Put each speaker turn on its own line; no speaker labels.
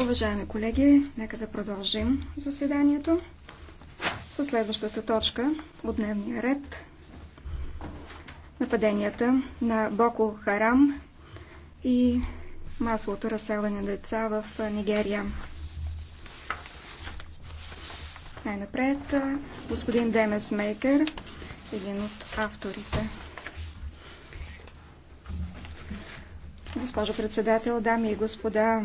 Уважаеми колеги, нека да продължим заседанието
със следващата точка от дневния ред. Нападенията на Боко Харам и масовото разселване на деца в Нигерия. Най-напред господин Демес Мейкер, един от авторите. госпожо председател,
дами и господа.